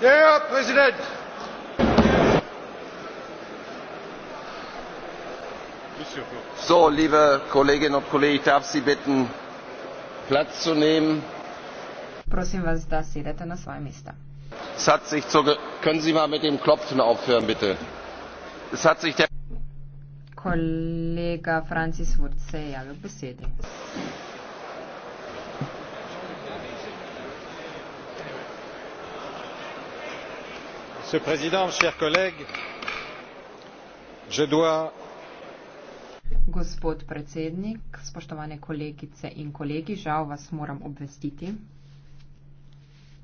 Herr Präsident! So, liebe Kolleginnen und Kollegen, ich darf Sie bitten, Platz zu nehmen. Prosim vas da sedete na svoje mesta. Können Sie mal mit dem Klopfen aufhören, bitte? Es hat sich der Kollege Francis Wurz sehr besiedelt. monsieur le président chers collègues je dois gospod predsednik spoštovane kolegice in kolegi žal vas moram obvestiti